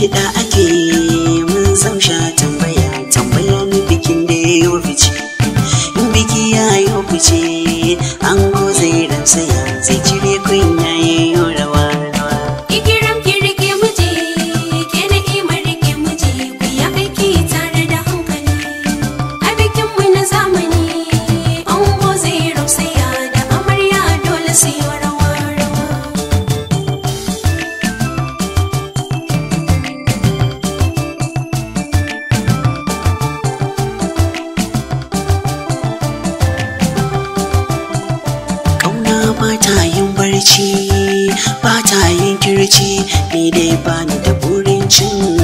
kiɗa ake kirci ba ta yin kirci ni dai ba ni da burin cin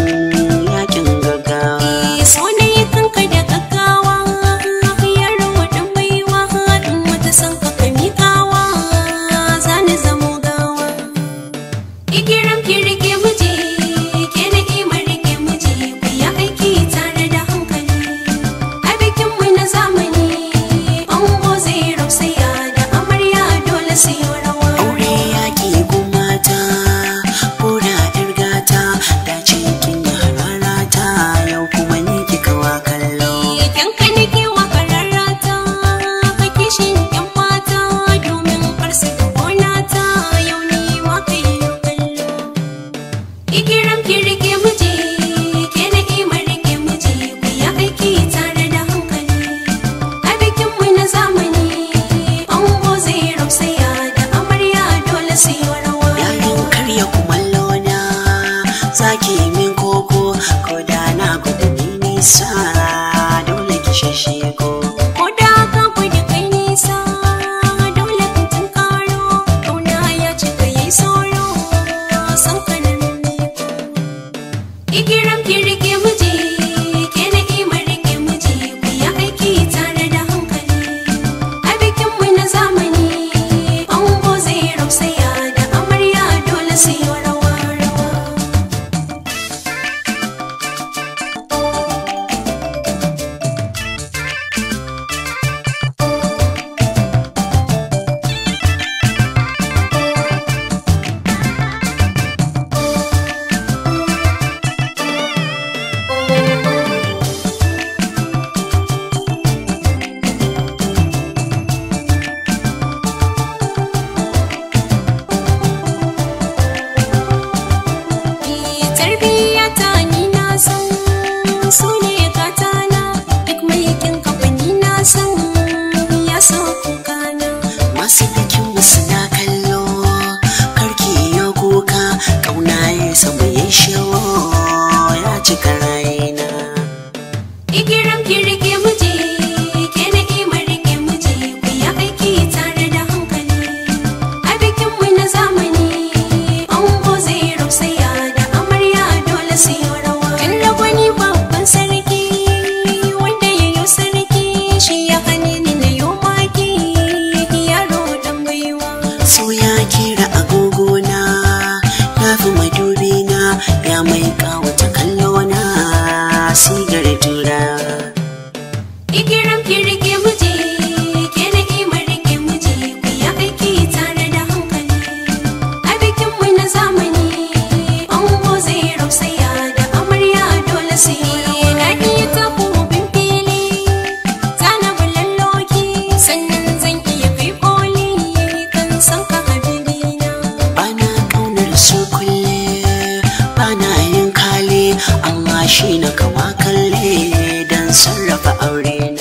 sauya kira agogona na fi madubi na ya mai ta kallona sigar tura igirin kirgin shi na kawa kalle don sarrafa aure